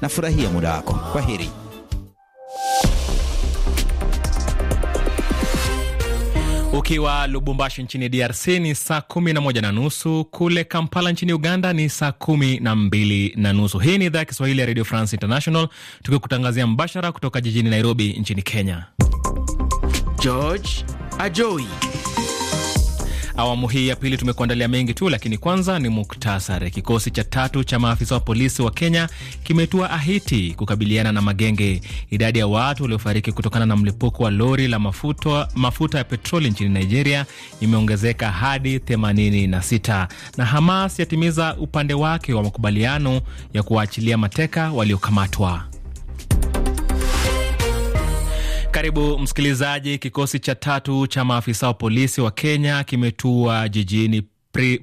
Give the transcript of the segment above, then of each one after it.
na furahia muda wako. Kwa heri. Ukiwa Lubumbashi nchini DRC ni saa kumi na moja na nusu. Kule Kampala nchini Uganda ni saa kumi na mbili na nusu. Hii ni idhaa ya Kiswahili ya Radio France International, tukikutangazia mbashara kutoka jijini Nairobi nchini Kenya. George Ajoi Awamu hii ya pili tumekuandalia mengi tu, lakini kwanza ni muktasari. Kikosi cha tatu cha maafisa wa polisi wa Kenya kimetua ahiti kukabiliana na magenge. Idadi ya watu waliofariki kutokana na mlipuko wa lori la mafuta, mafuta ya petroli nchini Nigeria imeongezeka hadi 86. Na Hamas yatimiza upande wake wa makubaliano ya kuwaachilia mateka waliokamatwa. Karibu msikilizaji. Kikosi cha tatu cha maafisa wa polisi wa Kenya kimetua jijini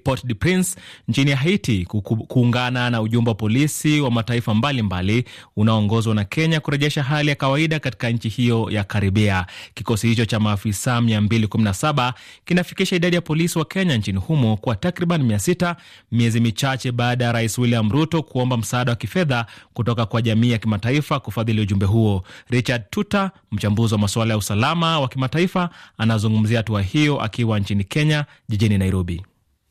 Port de Prince nchini Haiti kuungana na ujumbe wa polisi wa mataifa mbalimbali unaoongozwa na Kenya kurejesha hali ya kawaida katika nchi hiyo ya Karibia. Kikosi hicho cha maafisa 217 kinafikisha idadi ya polisi wa Kenya nchini humo kwa takriban 600 miezi michache baada ya Rais William Ruto kuomba msaada wa kifedha kutoka kwa jamii ya kimataifa kufadhili ujumbe huo. Richard Tuta, mchambuzi wa masuala ya usalama wa kimataifa, anazungumzia hatua hiyo akiwa nchini Kenya, jijini Nairobi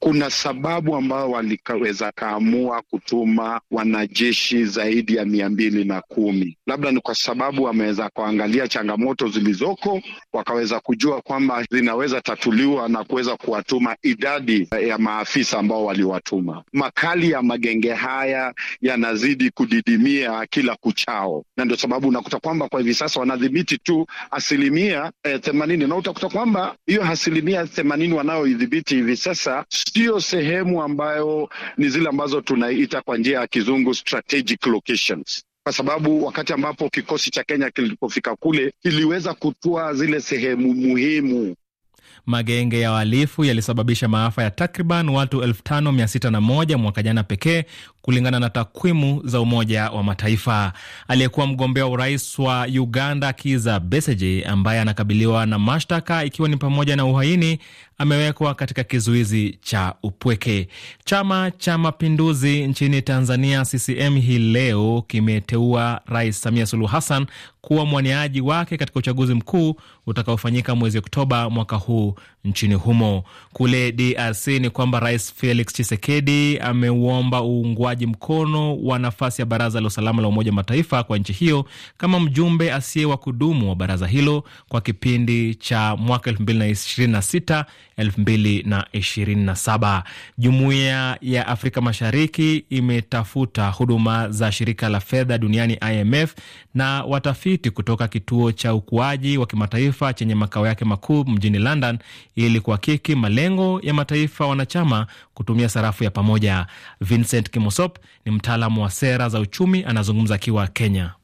kuna sababu ambao walikaweza kaamua kutuma wanajeshi zaidi ya mia mbili na kumi. Labda ni kwa sababu wameweza kuangalia changamoto zilizoko, wakaweza kujua kwamba zinaweza tatuliwa na kuweza kuwatuma idadi ya maafisa ambao waliwatuma. Makali ya magenge haya yanazidi kudidimia kila kuchao, na ndio sababu unakuta kwamba kwa hivi sasa wanadhibiti tu asilimia eh, themanini eh, na utakuta kwamba hiyo asilimia themanini wanayoidhibiti hivi sasa sio sehemu ambayo ni zile ambazo tunaita kwa njia ya kizungu strategic locations kwa sababu wakati ambapo kikosi cha Kenya kilipofika kule kiliweza kutoa zile sehemu muhimu. Magenge ya wahalifu yalisababisha maafa ya takriban watu 5601 mwaka jana pekee, kulingana na takwimu za Umoja wa Mataifa. Aliyekuwa mgombea wa urais wa Uganda Kiza Besigye, ambaye anakabiliwa na mashtaka ikiwa ni pamoja na uhaini, amewekwa katika kizuizi cha upweke. Chama cha Mapinduzi nchini Tanzania CCM hii leo kimeteua Rais Samia Suluhu Hassan kuwa mwaniaji wake katika uchaguzi mkuu utakaofanyika mwezi Oktoba mwaka huu nchini humo. Kule DRC ni kwamba Rais Felix Tshisekedi ameuomba uungwaji uungwaji mkono wa nafasi ya baraza la usalama la Umoja wa Mataifa kwa nchi hiyo kama mjumbe asiye wa kudumu wa baraza hilo kwa kipindi cha mwaka 2026 2027. Jumuiya ya Afrika Mashariki imetafuta huduma za shirika la fedha duniani IMF na watafiti kutoka kituo cha ukuaji wa kimataifa chenye makao yake makuu mjini London ili kuhakiki malengo ya mataifa wanachama kutumia sarafu ya pamoja. Vincent Kimoso Josop ni mtaalamu wa sera za uchumi, anazungumza akiwa Kenya.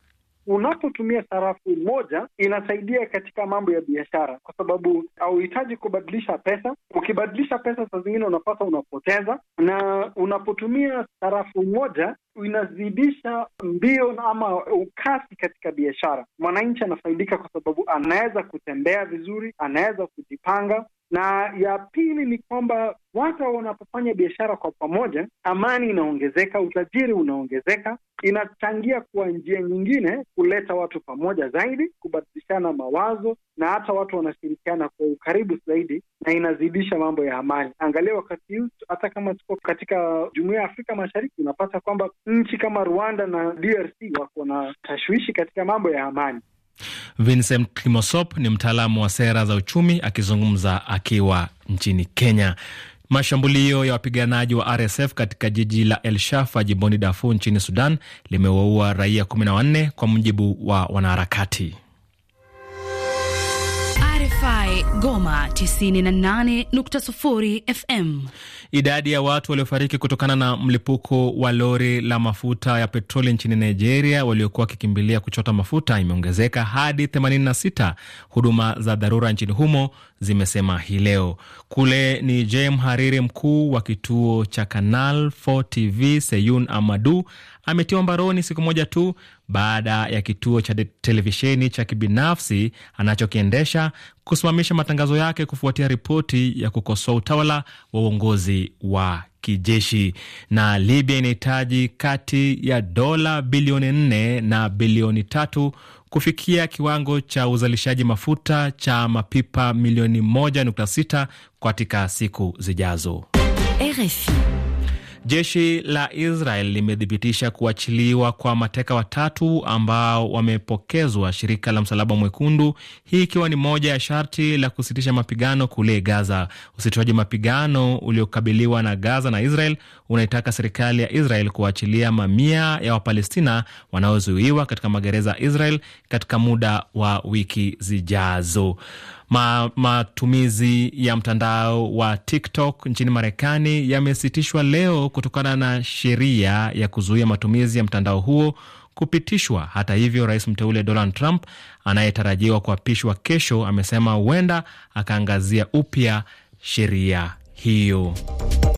Unapotumia sarafu moja inasaidia katika mambo ya biashara, kwa sababu hauhitaji kubadilisha pesa. Ukibadilisha pesa, saa zingine unapata unapoteza, na unapotumia sarafu moja inazidisha mbio ama ukasi katika biashara. Mwananchi anafaidika kwa sababu anaweza kutembea vizuri, anaweza kujipanga na ya pili ni kwamba watu wanapofanya biashara kwa pamoja, amani inaongezeka, utajiri unaongezeka, inachangia kwa njia nyingine kuleta watu pamoja zaidi, kubadilishana mawazo na hata watu wanashirikiana kwa ukaribu zaidi, na inazidisha mambo ya amani. Angalia wakati huu, hata kama tuko katika jumuiya ya Afrika Mashariki, unapata kwamba nchi kama Rwanda na DRC wako na tashwishi katika mambo ya amani. Vincent Kimosop ni mtaalamu wa sera za uchumi akizungumza akiwa nchini Kenya. Mashambulio ya wapiganaji wa RSF katika jiji la El Shafa jimboni Darfur nchini Sudan limewaua raia 14 kwa mujibu wa wanaharakati. RFI Goma 98.0 FM. Idadi ya watu waliofariki kutokana na mlipuko wa lori la mafuta ya petroli nchini Nigeria waliokuwa wakikimbilia kuchota mafuta imeongezeka hadi 86. Huduma za dharura nchini humo zimesema hii leo. Kule ni je, mhariri mkuu wa kituo cha Canal 4 TV Seyun Amadu ametiwa mbaroni siku moja tu baada ya kituo cha televisheni cha kibinafsi anachokiendesha kusimamisha matangazo yake kufuatia ripoti ya kukosoa utawala wa uongozi wa kijeshi na Libya inahitaji kati ya dola bilioni nne na bilioni tatu kufikia kiwango cha uzalishaji mafuta cha mapipa milioni moja nukta sita katika siku zijazo. RFI. Jeshi la Israel limethibitisha kuachiliwa kwa mateka watatu ambao wamepokezwa shirika la Msalaba Mwekundu, hii ikiwa ni moja ya sharti la kusitisha mapigano kule Gaza. usitishaji mapigano uliokabiliwa na Gaza na Israel unaitaka serikali ya Israel kuachilia mamia ya Wapalestina wanaozuiwa katika magereza ya Israel katika muda wa wiki zijazo. Ma, matumizi ya mtandao wa TikTok nchini Marekani yamesitishwa leo kutokana na sheria ya kuzuia matumizi ya mtandao huo kupitishwa. Hata hivyo, rais mteule Donald Trump anayetarajiwa kuapishwa kesho amesema huenda akaangazia upya sheria hiyo.